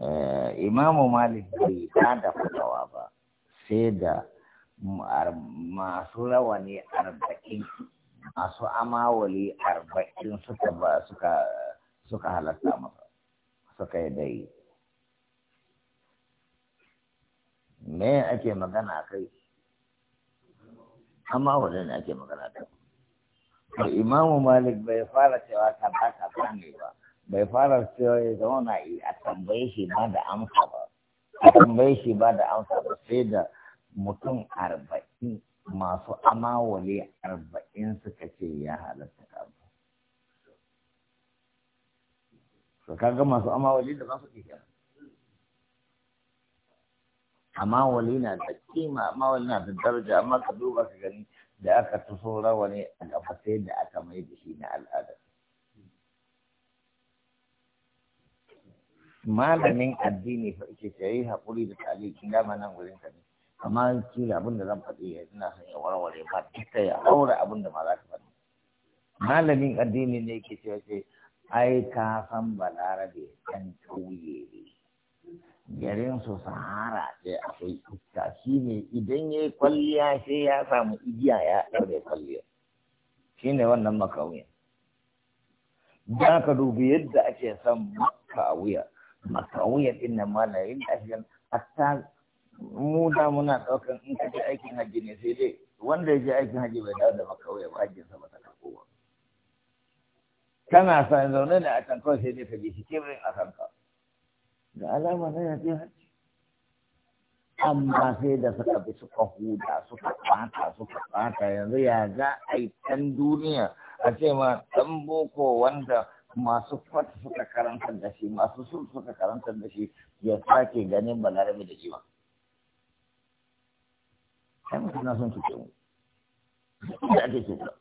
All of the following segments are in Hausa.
Eh, imamu malik bai da fatawa ba sai da masu rawani arba'in masu amawali arba'in suka ba suka suka halatta masa suka yi dai me ake magana kai amawalin ne ake magana kai imamu malik bai fara cewa ta ba ta ba ne ba bai fara cewa ya zauna a tambaye shi ba da amsa ba a tambaye shi ba da amsa ba sai da mutum arba'in masu amawale arba'in suka ce ya halatta kaza to kaga masu amawale da za su ke kenan amawali na da kima amawale na da daraja amma ka duba ka gani da aka rawa ne a gaba sai da aka mai da shi na al'ada malamin addini fa yake ce hakuri da taliki dama nan gurin ka ne amma kila abin da zan faɗi ya ina son ya warware ba duka ya haura abin da ma za ka faɗi malamin addini ne yake cewa ce ai ka san balarabe kan tuye ne garin su sahara ce akwai iska shi ne idan ya yi kwalliya sai ya samu igiya ya ɗaure kwalliya shi ne wannan makauyin za ka dubi yadda ake son ka a wuya masawiyar din nan malayin ashirin hatta mu da muna ɗaukan in ka je aikin hajji ne sai dai wanda ya je aikin hajji bai dawo da makawai ba hajjin sa ba ta karɓo ba kana sa zaune da a can kawai sai dai ka bi shi kirin a kanka da alama na ya je hajji amma sai da suka bi suka huda suka kwata suka kwata yanzu ya za a duniya a ce ma ɗan boko wanda masu fat suka karantar da shi masu sun suka karantar da shi ya sake ganin balarabe da shi ba mutum na sun cuce mu da ake cuta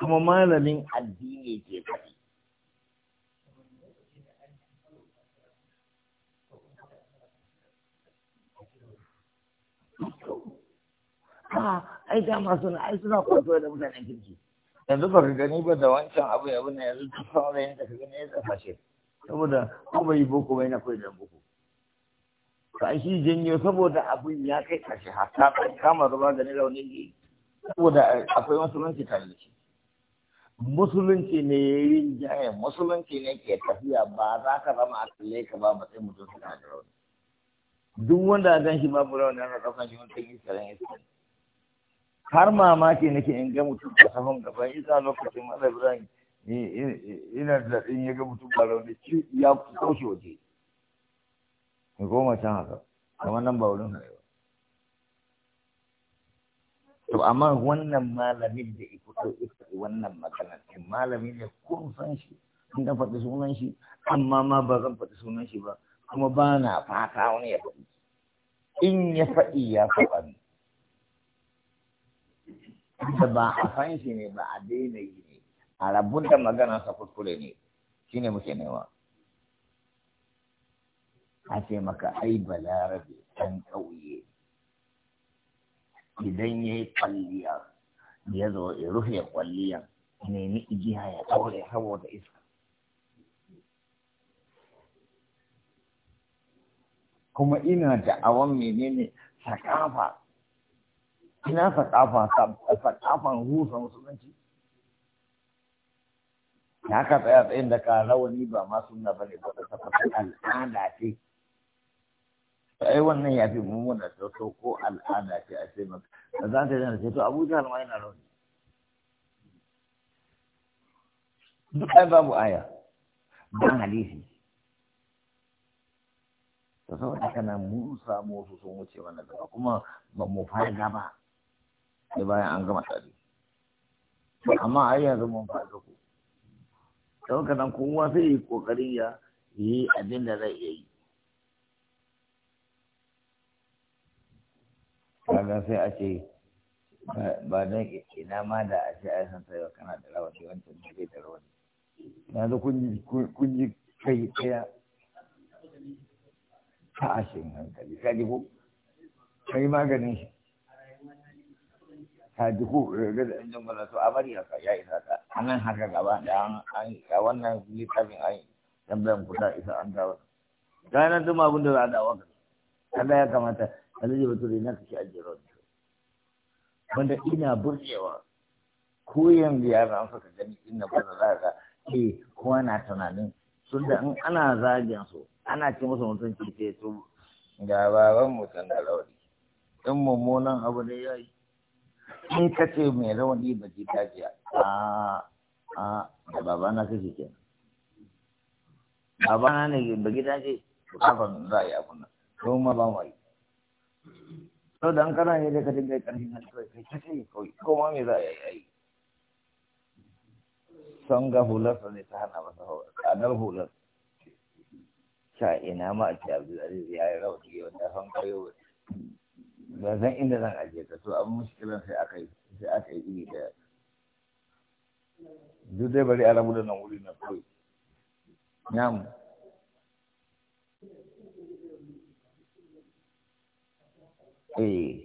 kuma malamin addini ke faɗi a ai dama suna ai suna kwanto da mutanen kirki yanzu ka gani ba da wancan abu ya ne, yanzu ta saurayin da ka gani ya tsafa shi saboda ko bai boko bai na koyi da boko ka shi janyo saboda abun ya kai kashi hatta kan kama ruwa gani rauni ne saboda akwai musulunci tare da shi musulunci ne ya yi jayen musulunci ne ke tafiya ba za ka zama a tsalle ka ba matsayin mutum suna da rauni duk wanda a gan shi babu rauni ana ɗaukan shi wani kan yi har mamaki nake in ga mutum saman gaba isa lokacin mala ibrahim eh, eh, eh, ina da in ya ga mutum ba rauni ci ya kaushe waje ne goma can haka kamar nan ba wurin haɗewa to amma wannan malamin da ya fito ita wannan maganar ɗin malamin ne kun san shi in ka faɗi sunan shi amma ma ba zan faɗi sunan shi ba kuma ba na fata wani ya faɗi in ya faɗi ya faɗi. da ba a san shi ne ba a daina yi ne a rabun da magana sa kuskure ne shi ne muke nema a ce maka ai balarabe ɗan ƙauye idan ya yi kwalliya ya zo ya rufe ne ni igiya ya ɗaure saboda iska kuma ina da awon menene sakafa ina sakafa sakafan husa musulunci ya ka tsaya tsayin da ka rawani ba ma suna ba ne ba ta tafi al'ada ce ai wannan ya fi mummuna so ko al'ada ce a ce maka da za ta yana ce to abuja ma yana rauni duk ai babu aya ban hadisi Ta saboda kana mu samu su sun wuce wannan kuma ba mu fara gaba da bayan an gama tsari. amma a yi yanzu mun faɗa ku don nan kowa sai yi kokarin ya yi abin da zai iya yi kaga sai a ce ba don ina ma da a ce ai san sai kana da rawani wancan ne zai da rawani yanzu kun ji kai ɗaya ta ashin hankali kaji ko kai maganin shi ta duhu eh, da injin gwada to a bari haka ya isa ka a nan haka gaba da an yi wannan littafin an dan ban kuda isa an gawa ranar duma abin da za a dawo kada ya kamata alhaji bature na kashi ajiyar wani wanda ina burgewa ko yanzu ya zan suka gani ina ba za ka ke eh, kowa na tunanin sun da in ana zagin su ana ce musu mutunci ce to ga baban mutum da lauri in mummunan abu ne ya yi in ka ce mai rawani ba ji ta jiya a a da babana kake ke babana ne ba gida ce kafin za a yi abun nan don ma ba mu yi sau da an kana ne da ka dinga karfin nan kawai kai ta kai kawai ko ma me za a yi yi son ga hular ne ta hana masa tsadar hular sha ina ma a ce abu da zai yi rawani wanda son kayo ba zan inda zan ajiye ta to abin mushkilan sai aka yi sai aka yi iri daya duk dai bari alamu da nan wuri na kawai nyamu eh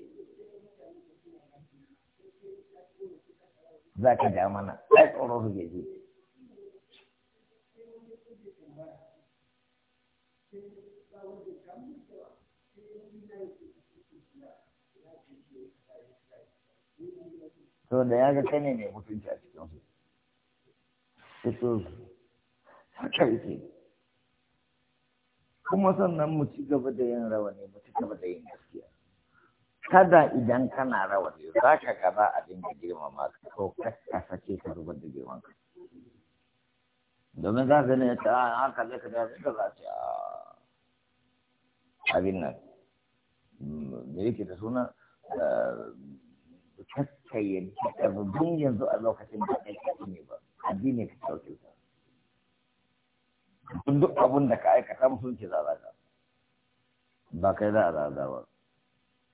za ka ja mana ai tsoro ke ji Thank you. so da ya ga kai mai mutunci a cikin su fito haka yake kuma sannan mu ci gaba da yin rawani mu ci gaba da yin gaskiya kada idan kana rawani za ka gaba a dinga girmama ka ko ka sake ka zubar da girman ka domin za ka ne ta haka ah, zai ka da zai ka za ah, abin nan da yake da suna eh, ka yadda ƙarfafin yanzu a lokacin da ake ne ba addini ka kyautu ta duk duk abin da ka aikata musun ce zaza ka ba kai za a zaza ba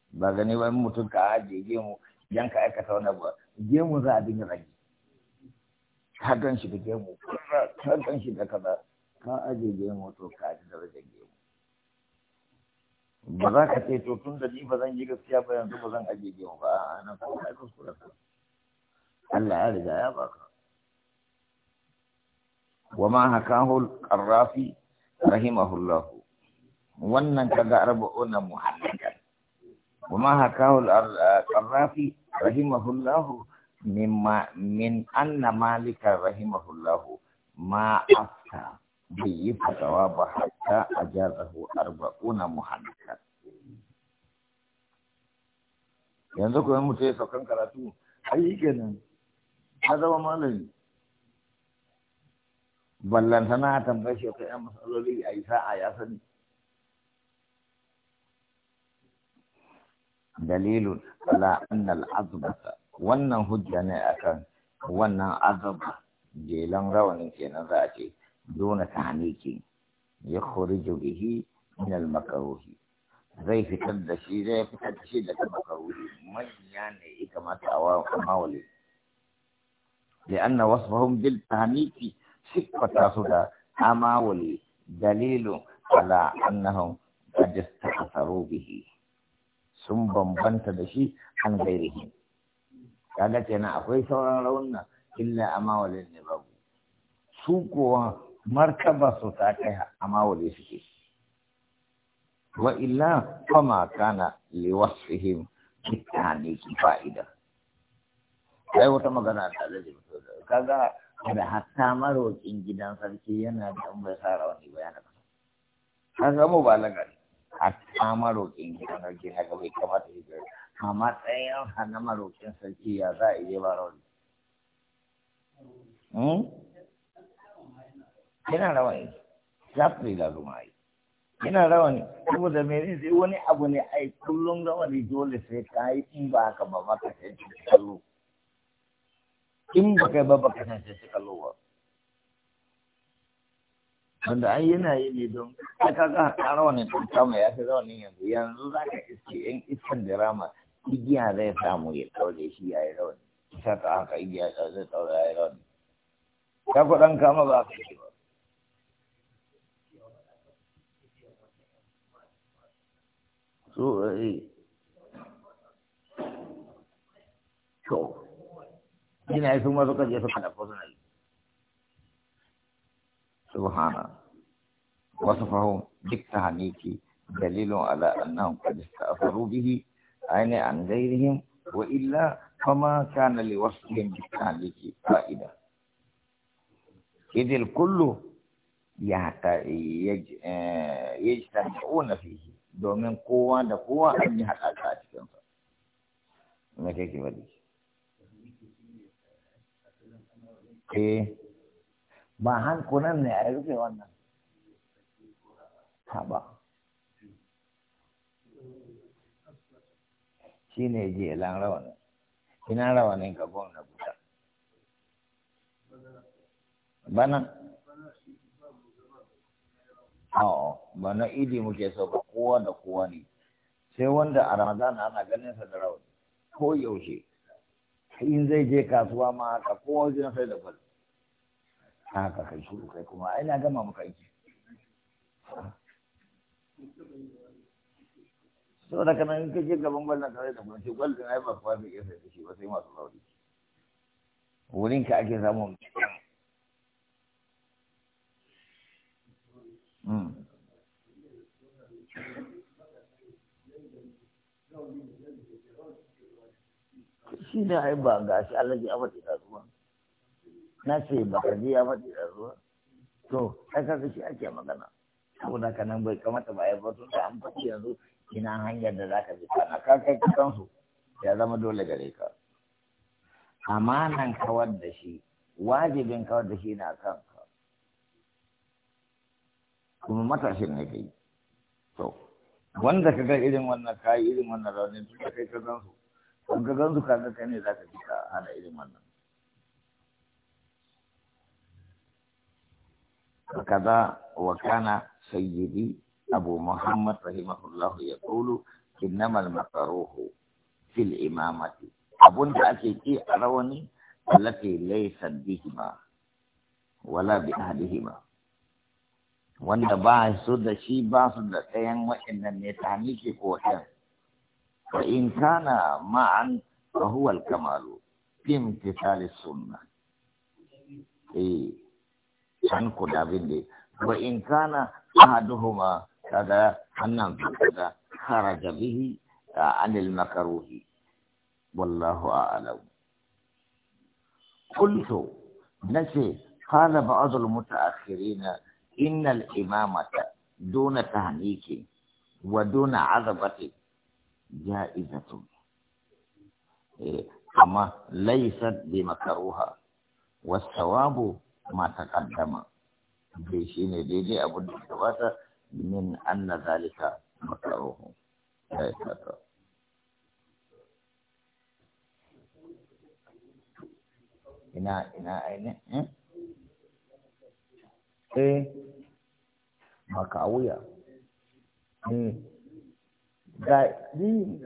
ba gani ba mutum ka ajiye gemu idan ka aikata wani abu gemu za a dinga rage ka gan shi da gemu ka gan shi da kaza ka ajiye gemu to ka ji da rage ba za ka ce to tun da ni ba zan yi gaskiya ba yanzu ba zan aje gemu ba a nan ko ai kuskure Allah ya riga ya baka wa ma hakahu al-qarrafi rahimahullah wannan kaga arba'una muhammadan wa ma hakahu al-qarrafi rahimahullah mimma min anna malika rahimahullah ma afta bai yi fatawa ba hatta a jazahu arba'una muhaddisa yanzu kuma mutu ya saukan karatu har kenan ta zama malami ballantana a tambayar shi yan matsaloli a yi sa'a ya sani dalilun ala annal azbata wannan hujja ne akan wannan azaba jelan rawanin kenan za a ce دون تعنيك يخرج به من المكروه zai fitar da shi zai fitar da shi daga makaruri manya ne ya kamata a mawale da anna wasfahum bil tahmiki siffata su da amawale dalilun ala annahum qad istahsaru bihi sun bambanta da shi an gairihi kaga kenan akwai sauran raunin illa amawale ne babu su kuwa martaba su ta kai a waje suke wa illa fama kana le him wasfihim ne ki fa'ida sai wata magana ta da kaga da hatta marokin gidan sarki yana da an bai wani rawani ba Kan zama ba mu balaga hatta marokin gidan sarki na bai kamata ya a matsayin sa na marokin sarki ya za a yi ba rauni. Hmm? yana rawa ne za su yi laluma yi yana rawa ne da mene sai wani abu ne ai kullum rawa ne dole sai ka yi in ba ka ba ba ka sai shi kallo in ba ka ba ba ka sai shi kallo ba wanda ai yana yi ne don ka kaga ka rawa ne tun kama ya fi rawa ne yanzu yanzu za ka iske yan iskan dirama igiya zai samu ya ɗaure shi ya yi rawa ne ka haka igiya zai ɗaure ya yi rawa ne ka kuɗan kama ba ka ce ba سوء شوف جنائي ثم فقد يفتح نفسنا سبحانه وصفه جكتها نيكي دليل على أنهم قد استأثروا به عين عن غيرهم وإلا فما كان لوصفهم جكتها نيكي فائدة إذ الكل يجتمعون فيه domin kowa da kowa an yi haɗaka a cikinsa me kake faɗi eh ba hankunan ne a rufe wannan ba. shi ne ilan rawanin ina rawanin gabon na buta bana a'a ba na idi muke so ba kowa da kowa ne sai wanda a ramadan ana ganin sa da rawa ko yaushe in zai je kasuwa ma haka kowa wajen sai da fal. haka kai shi kai kuma ai na gama muka yi. so da kana in kaje gaban wannan kare da gwalna gwalna ai ba fa mai yasa da shi ba sai masu rauni wurin ka ake samun Mm. shi ne ai ba ga shi Allah ya faɗi da ruwa na ce ba ga ya da ruwa to ai ka shi ake magana saboda ka nan bai kamata ba ai ba sun da amfani yanzu ina hanyar da zaka bi kana ka kai kansu ya zama dole gare ka amanan kawar da shi wajibin kawar da shi na kanka kuma matashin ne kai to wanda ka ga irin wannan kayi irin wannan rauni duk da kai ka gan su an ka gan su ka ga kai ne za ka ji ka hana irin wannan kaza wa kana sayyidi abu muhammad rahimahullah ya qulu innamal makaruhu fil imamati abun da ake ki a rawani allati laysa bihima wala bi ahlihima wanda ba su da shi ba su da tsayan waɗannan ne ta miki ko ɗan fa in kana ma'an fa huwa kamalu fi imtithal sunnah eh ku da bin da wa in kana ahaduhuma kaga annan kaga kharaja bihi na ce, والله أعلم قلت نسي قال بعض na. innal imamata duna tahniki wa duna azabati ja'izatun eh, amma laysat bi makruha was-sawabu ma taqaddama dai shine daidai abin da gabata min anna zalika makruhu ina ina eh? Eh, haka a wuya ga eh. ni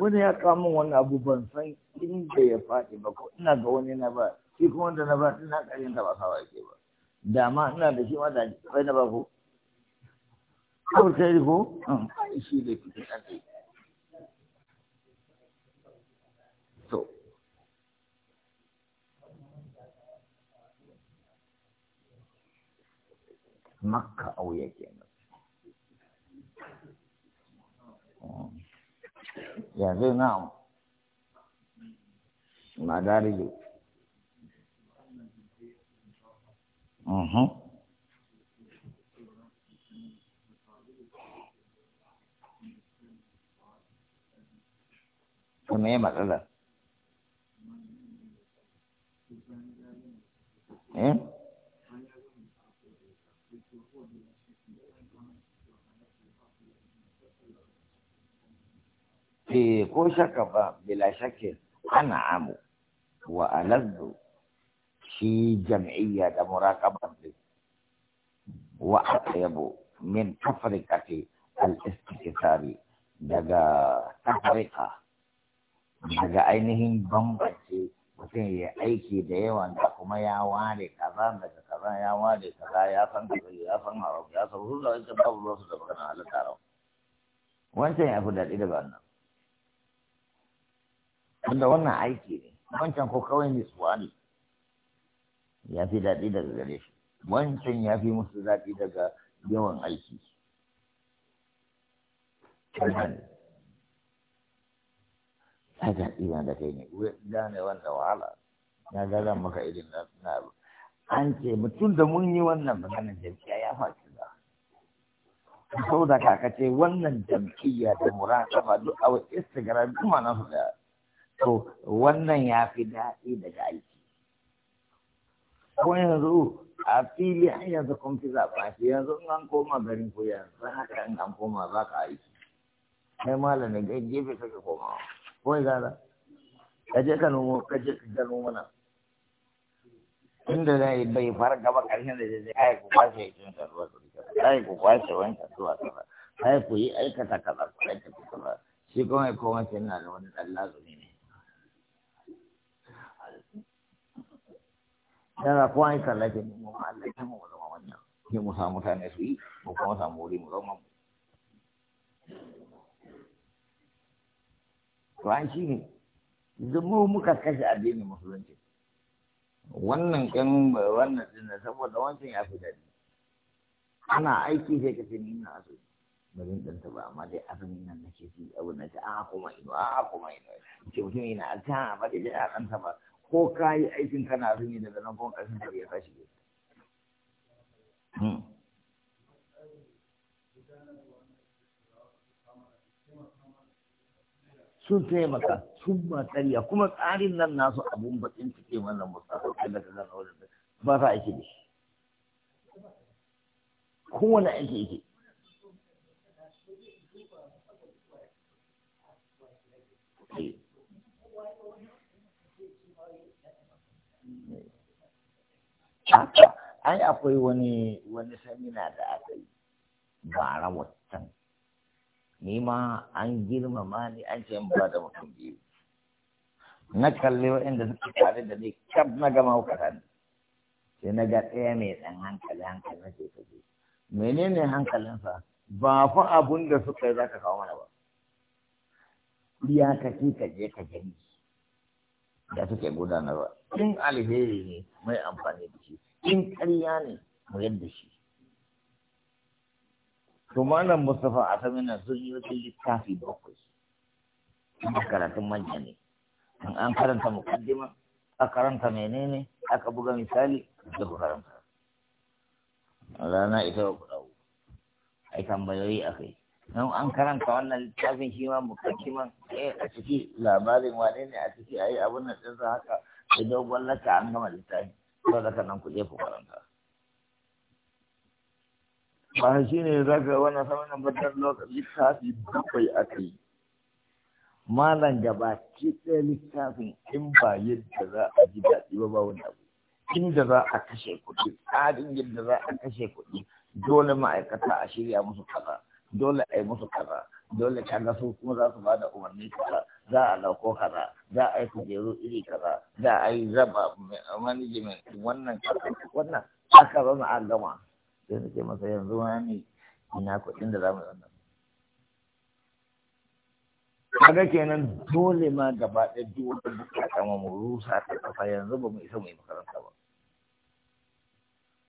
wani ya kamun wani abu ban san inda ya faɗi ba ko ina ga wani na ba shi kuma da na ba ina ƙarin da ba sawa ke ba Dama ina da shi ma da kai na ba ko ko sai ah, ko shi da ta ƙarfi. makka auya kenan hmm. yanzu na madarijo mhm to me matsalar eh eh ko shaka ba bila shakkin ana amu wa alazzu shi jam'iyya da muraqaban din wa yabo min tafriqati al-istikthari daga tafriqa daga ainihin bambance mutum ya aiki da yawan da kuma ya ware kaza daga kaza ya ware kaza ya san kaza ya san haram ya san hulɗa wancan babu ruwansu da magana halitta wancan ya fi daɗi daga wannan wanda wannan aiki ne wancan ko kawai ne su ne ya fi daɗi daga gare shi wancan ya fi musu daɗi daga yawan aiki ta daɗi da kai ne gane wanda wahala na gaza maka irin na suna an ce mutum da mun yi wannan maganin jam'iyya ya faci ba sau da kakace wannan jam'iyya da muraka ba duk a wa istigarar kuma na faɗa. da to wannan ya fi daɗi daga aiki ko yanzu a fili an yanzu kun fi zaɓa shi yanzu in an koma garin ku yanzu haka in an koma za ka aiki kai malamin gai gefe kake komawa ko gara ka je ka nomo ka je ka gano mana inda zai bai fara gaba karshen da zai ai ku kwashe yakin ka su ka ai ku kwashe wanka zuwa ka ai ku yi aikata kaza ku aikata kaza shi kuma ya koma sai na da wani ɗan lazumi ne yana kowa ya tsallake mu mu Allah ya mu zama wannan sai mu samu mutane su yi mu kuma samu wuri mu zama mu to an shi ne mu muka kashe addinin musulunci wannan kan wannan din saboda wancan ya fi daɗi ana aiki sai kace ni ina aso bari dan ta ba amma dai azumin nan nake ji abu na ah, ah, ta a kuma ino a kuma ino ce mutum ina ta ba dai a kan ta ba ko ka yi aikin kana azumi daga nan kuma ƙarfin da ya tashi hmm. sun taimaka sun matsariya, kuma tsarin nan nasu abun bakin cike wannan musafa da ka zana wajen ba sa aiki da shi kowane aiki yake ai akwai wani wani samina da aka yi bara rawatan ni ma an girmama ni an ce in ba da mutum biyu na kalli waɗanda suke tare da ni kyab na gama hukata sai na ga ɗaya mai ɗan hankali hankali na ce kaje menene hankalinsa ba fa abun da suka yi za ka kawo mana ba iyakaci ka je ka gani da suke gudanarwa in alheri ne mai amfani da shi in ƙarya ne mu yadda shi to malam mustafa a samina sun yi wata littafi bakwai karatun manya ne an karanta mukaddima a karanta menene aka buga misali da ku karanta rana ita ku dawo ai tambayoyi akai don an karanta wannan littafin shi ma mukakiman eh a ciki labarin wane ne a ciki ayi abun nan din haka da dogon laka an gama littafi to da nan ku je ku karanta ba shi ne za ka wannan saman nan batar littafi bakwai a kai malam gaba ki ɗaya littafin in ba yadda za a ji daɗi ba ba wani abu inda za a kashe kuɗi tsarin yadda za a kashe kuɗi dole ma'aikata a shirya musu kaza dole a yi musu kaza dole ga su kuma za su da umarni kaza za a lauko kaza za a yi kujeru iri kaza za a yi zaba management wannan wannan aka zama a gama sai nake masa yanzu wani ina kuɗin da za mu wannan kaga kenan dole ma gaba ɗaya duk wata bukata mu rusa ta kafa yanzu ba mu isa mu yi makaranta ba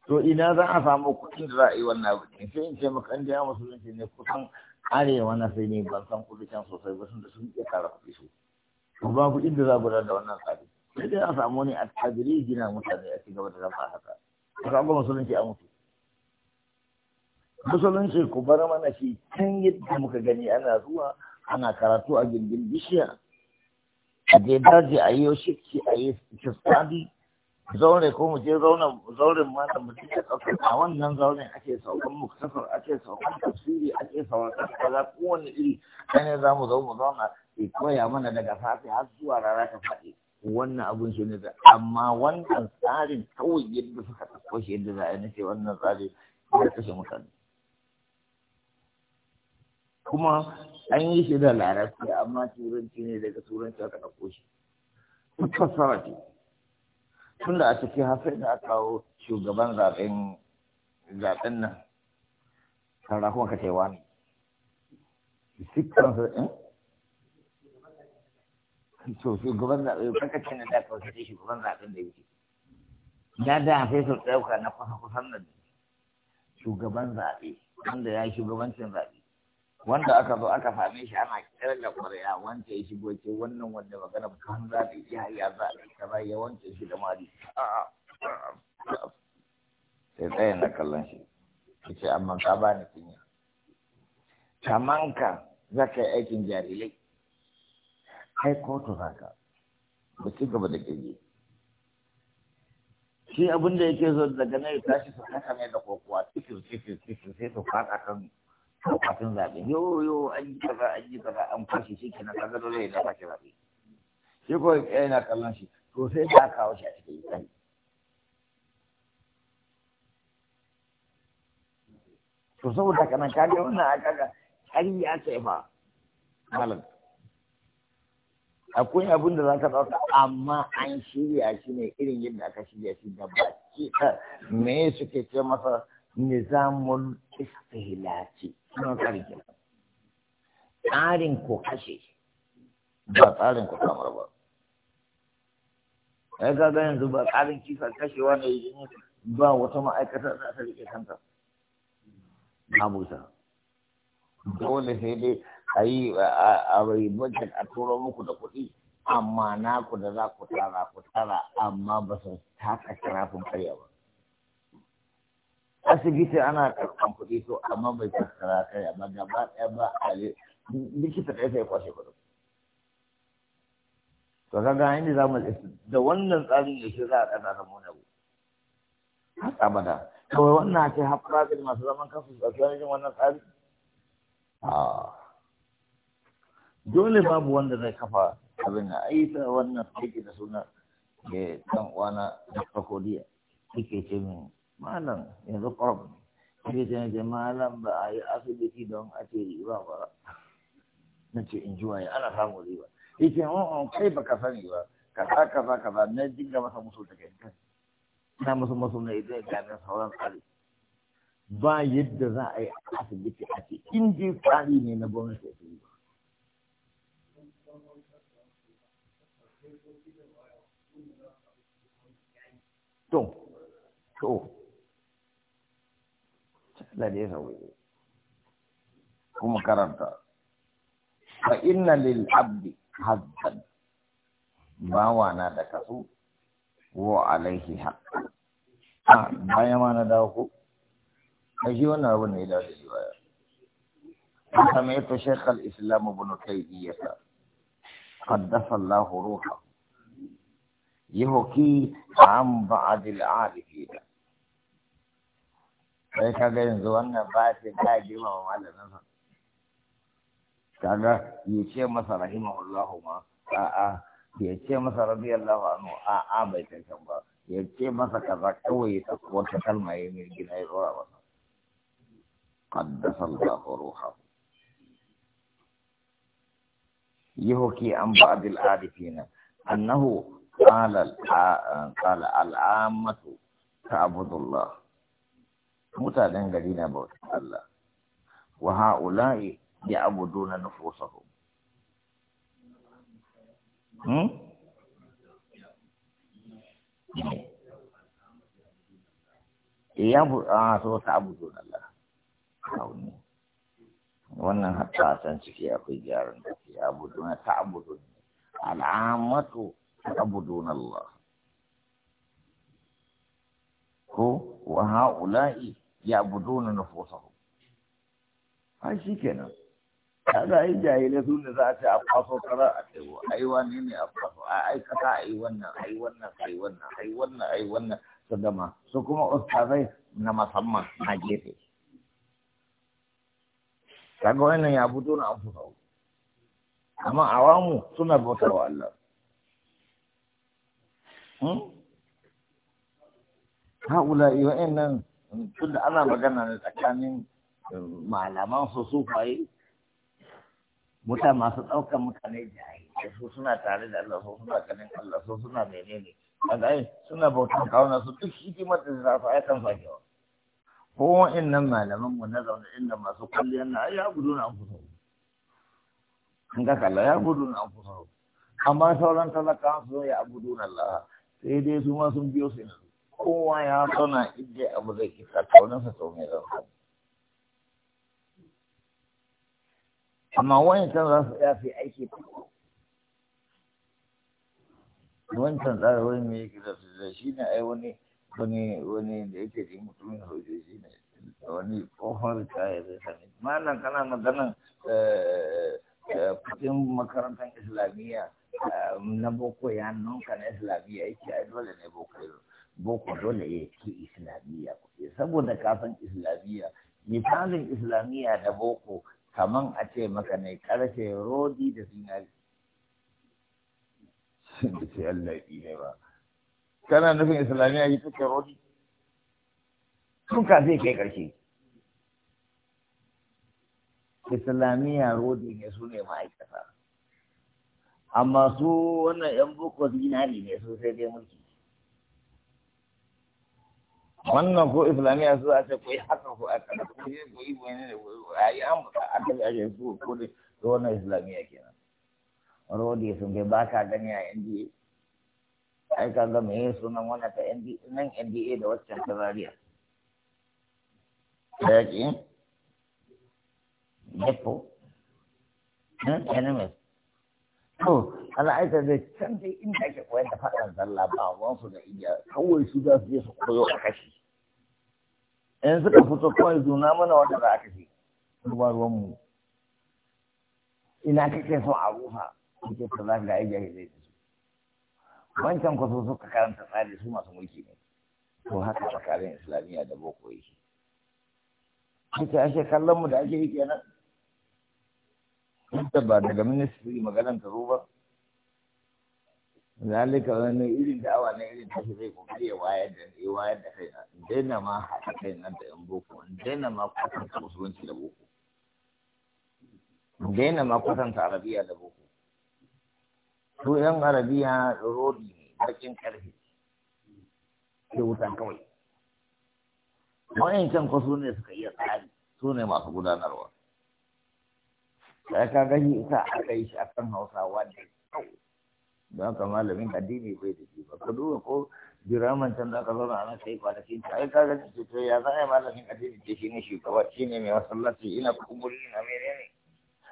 to ina za a samu kudin da za a yi wannan abu sai in ce maka an jiya musulunci ne kusan arewa na sai ne ban san kudi can sosai ba sun da sun iya kara kudi su to babu inda za a gudanar da wannan tsari sai dai a samu ne a tajiri gina mutane a cigaba da zama haka ka ga musulunci a mutu musulunci ku bar mana shi can yadda muka gani ana zuwa ana karatu a gindin bishiya a je daji a yi shi a yi kiskadi zaure ko mu je zaunan zauren mata mu je ɗaukar a wannan zauren ake saukan muktasar ake saukan tafsiri ake saukan kaza kowane iri ɗaya za mu zo mu zauna ya koya mana daga safe har zuwa rana ta faɗi wannan abun shi ne amma wannan tsarin kawai yadda suka ɗauko shi yadda za a yi nace wannan tsarin ya kashe mutane kuma an yi shi da larabci amma turanci ne daga turanci aka ɗauko shi fassara ce tun da a ciki hafi da aka kawo shugaban zaɓen zaɓen nan kara kuma ka cewa ne sikkan su eh? ɗin to shugaban zaɓe kanka ce na da kawo sai shugaban zaɓen da yake na da hafi su ɗauka na kusa kusan nan shugaban zaɓe wanda ya yi shugabancin zaɓe wanda aka zo aka same shi ana da ƙwarya wanda ya shigo ce wannan wanda magana kan za ta iya ya za ta kaza ya wanke shi da mari sai tsaye na kallon shi ya ce amma ka ba ni kunya kamanka za ka yi aikin jarirai kai kotu za ka ba ci gaba da kirgi shi abin da yake zo daga nan ya tashi su kasa mai da kokowa cikin cikin cikin sai su faɗa kan kafin zaɓe yo yo an yi kaza an yi kaza an kwashe shi na kaza dole ya dafa shi zaɓe shi ko yana kallon shi to sai da kawo shi a cikin kai to saboda kanan kaga wannan a kaga an ya ce fa malam akwai abin da za ka ɗauka amma an shirya shi ne irin yadda aka shirya shi da baki me suke ce masa nizamun istihlaci na tsarin ko kashe ba tsarin ko kamar ba ai ga yanzu ba tsarin kisa kashewa ne ba wata ma'aikata za ta rike kanta babu ta dole sai dai a yi a bai budget a turo muku da kuɗi amma naku da za ku tara ku tara amma ba su taka shirafin karya ba asibiti ana karɓar kuɗi to amma bai karkara kai amma gaba ɗaya ba a likita ɗaya sai kwashe kuɗi to ga inda za mu da wannan tsarin da shi za a ɗaga samu na a abada kawai wannan ce haƙura ga masu zaman kansu su ɗauki wannan tsari dole babu wanda zai kafa abin da ai ta wannan aiki da suna ke eh, ɗan uwana da fakodiya yake ce min malam yanzu ƙwarf ne sai ce malam ba a yi asibiti dong ati ce riba ba na ana samun riba ya ce ma'am kai ba ka sani ba kaza kaza kaza dinga masa musu daga yankan na musu musu na idan ya gane sauran ba yadda za a yi asibiti a ce in ji tsari ne na gwamnati ya ba to to da dai kuma karanta fa inna lil abdi bawa na da kaso wa alaihi haqq a bayan ma na dawo ko a shi wannan abin da ya dawo da shi baya سمعت شيخ الإسلام ابن تيمية قدس الله روحه يحكي عن بعض العارفين sai kaga yanzu wannan ba shi ta girma wa malaminsa kaga ya ce masa rahimahullahu ma a a ya ce masa radiyallahu anhu a a bai tantan ba ya ce masa kaza kawai ta wata kalma ya mai gina ya tsora masa Allahu ruhahu يهكي عن بعض العارفين أنه قال العامة تعبد الله mutanen gari na bautar Allah wa ha'ula'i ya abu abudu na nufusahu hmm? ya bu a ah, so ta abu don Allah kauni wannan hatta san ciki akwai gyaran da ke abu na ta abudu al'amatu ta abudu Allah ko wa ha'ula'i ya buduna nufusahu har shi kenan kaga ai jahilai su ne za a ce a kwaso kara a ce ai wani ne a kwaso a aikata a ai wannan ai wannan ai wannan ai wannan ai wannan su gama su kuma ustazai na musamman na gefe kaga wannan ya fito na an fusa amma awamu suna bautar wa Allah hmm? haula wa'annan tunda ana magana ne tsakanin eh, malaman su sufaye mutane masu ɗaukan mutane jahilai su suna tare da Allah su suna ganin Allah su suna menene kaga ai suna bautan kauna su duk hikimar da za su aikan fakewa ko wa'annan malaman mu na zaune inda masu kulliyar na ya gudu na kusa in ga kalla ya gudu na kusa amma sauran talakawa su ya abudu na Allah sai dai su ma sun biyo su yanzu kowa ya tana inda abu zai isa kaunansa sau mai ransa amma wani can za su ya fi aiki wancan wani mai yake da su da shi ne ai wani wani wani da yake da mutumin sojoji ne wani kofar kaya zai sami nan kana maganan eh, eh, kudin makarantar islamiyya eh, na boko ya nunka na islamiyya a yi dole ne boko yau boko dole ya ci islamiyya saboda kafin islamiyya misalin islamiyya da boko kaman a ce maka ne karfe rodi da zinari da ce Allah ne ba kana nufin islamiyya yi take rodi tun ka zai kai karshe islamiyya rodi ne su ne ma'aikata amma su wannan yan boko zinari ne su sai dai mulki wannan ko islamiyya su za ta koyi haka ko a kada ko yi ko yi wani ne a yi an buka a kai aje su ko to wannan islamiyya kenan rodi sun bai ba ka gani a NDA ai ka ga me sunan wannan ta NDA nan NDA da waccan ta Zaria da yake depo hmm enemies to aika zai can dai inda ke koyar da faɗar zalla ba su da iya kawai su za su je su koyo a kashi in suka fito kawai zuna mana wanda za a kashe ruwa mu. ina kake so a rufa kake ta za ga ai zai da su wancan ku so suka karanta tsari su masu mulki ne to haka tsakanin islamiyya da boko yake kake ashe kallon mu da ake yi kenan duk ba daga ministry maganan ka zo ba zalika wani irin da'awa na irin tashi zai kokari ya wayar da ya wayar da kai daina ma haɗa kai na da yan boko daina ma kwatanta musulunci da boko daina ma kwatanta arabiya da boko su yan arabiya rodi ne bakin karfe ke wutan kawai wa'yancan kwasu ne suka iya tsari su ne masu gudanarwa sai ka gani isa aka yi shi akan hausawa da kyau don haka malamin addini bai da shi ba ka duba ko jiraman can da aka zauna ana kai kwanakin ta ai ka gani to ya za a yi malamin addini ce shi ne shugaba shi ne mai masallaci ina na ina ne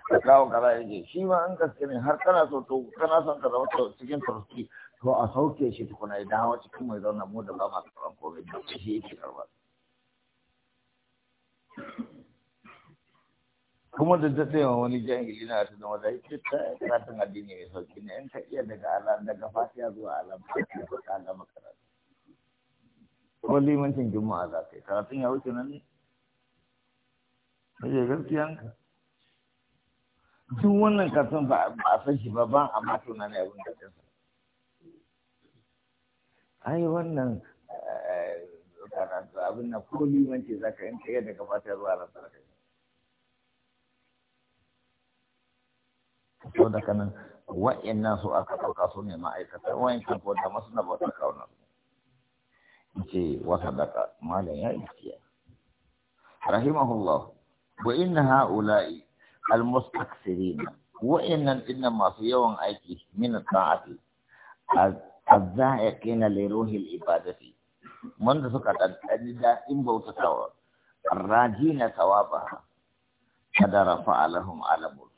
ka kawo kaza ya ce shi ma an gaske ne har kana so to kana son ka zama cikin turki to a sauke shi tukuna ya dawo cikin mai zauna mu da ba ma karɓar komai da shi yake karɓar kuma da daɗewa wani jahili na ta zama zai ce ta karatun addini mai sauki ne in ka iya daga ala daga fatiya zuwa ala fatiya ko ka gama makarantu kuma limancin juma'a za ka yi karatun ya wuce nan ne kake yanka tun wannan kasan ba a san shi ba ban amma tunanin abin da a ai wannan eh, karatu abin na ko limanci za ka yi daga fatiya zuwa ala yi to da kanan wa'annan su aka ɗauka su ne ma'aikata wa'annan ko da masu na bauta kauna ce wata daga malam ya iskiya rahimahullah wa inna ha'ula'i al-mustaksirina wa'annan dinnan masu yawan aiki min ta'ati az-za'iqina li ruhil ibadati wanda suka ɗanɗani daɗin bautatawa arrajina sawaba kada rafa'alahum alamul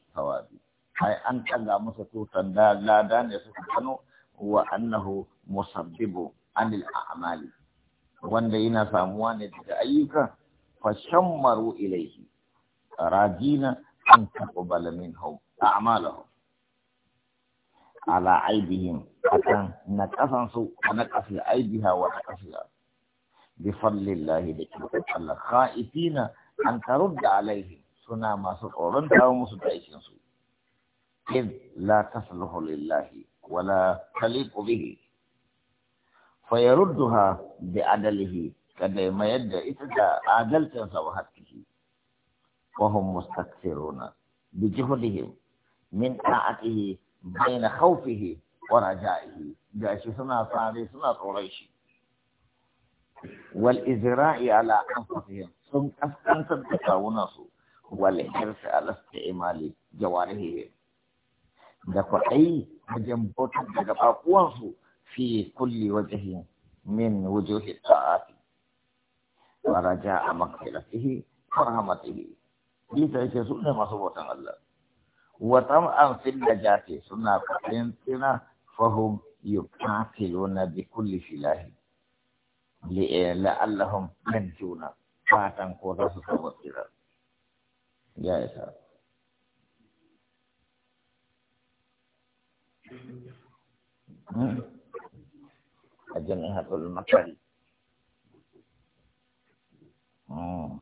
أي أن تجا مسكوتا لا لا دان يسكتنو وأنه مسبب عن الأعمال وندينا ساموان يتجايك فشمروا إليه راجين أن تقبل منهم أعمالهم على عيبهم أتان سوء ونكس عيبها ونكسها بفضل الله بكرة الله خائفين أن ترد عليهم سنا ما سقرنتهم سوء إذ لا تصلح لله ولا تليق به فيردها بعدله kada mai yadda ita da adalcinsa wa haƙƙihi wahum mustaksiruna bi juhudihim min ta'atihi baina khawfihi wa raja'ihi gashi suna sare suna tsoron shi wal izra'i ala anfusihim sun kaskantar da kawunan su wal hirsi ala isti'mali jawarihihim da kwaɗayi wajen bautar da gaɓaɓuwansu fi kulli wajahin min wujuhi ta'ati wa a maghfiratihi wa rahmatihi isa yake su ne masu bautan Allah wa tam'an fil najati suna kwaɗayin tsina fahum yuqatiluna bi kulli silahi eh, la'allahum yanjuna fatan ko za su samu tsira ya isa Hmm. a jami'atul makari hmm.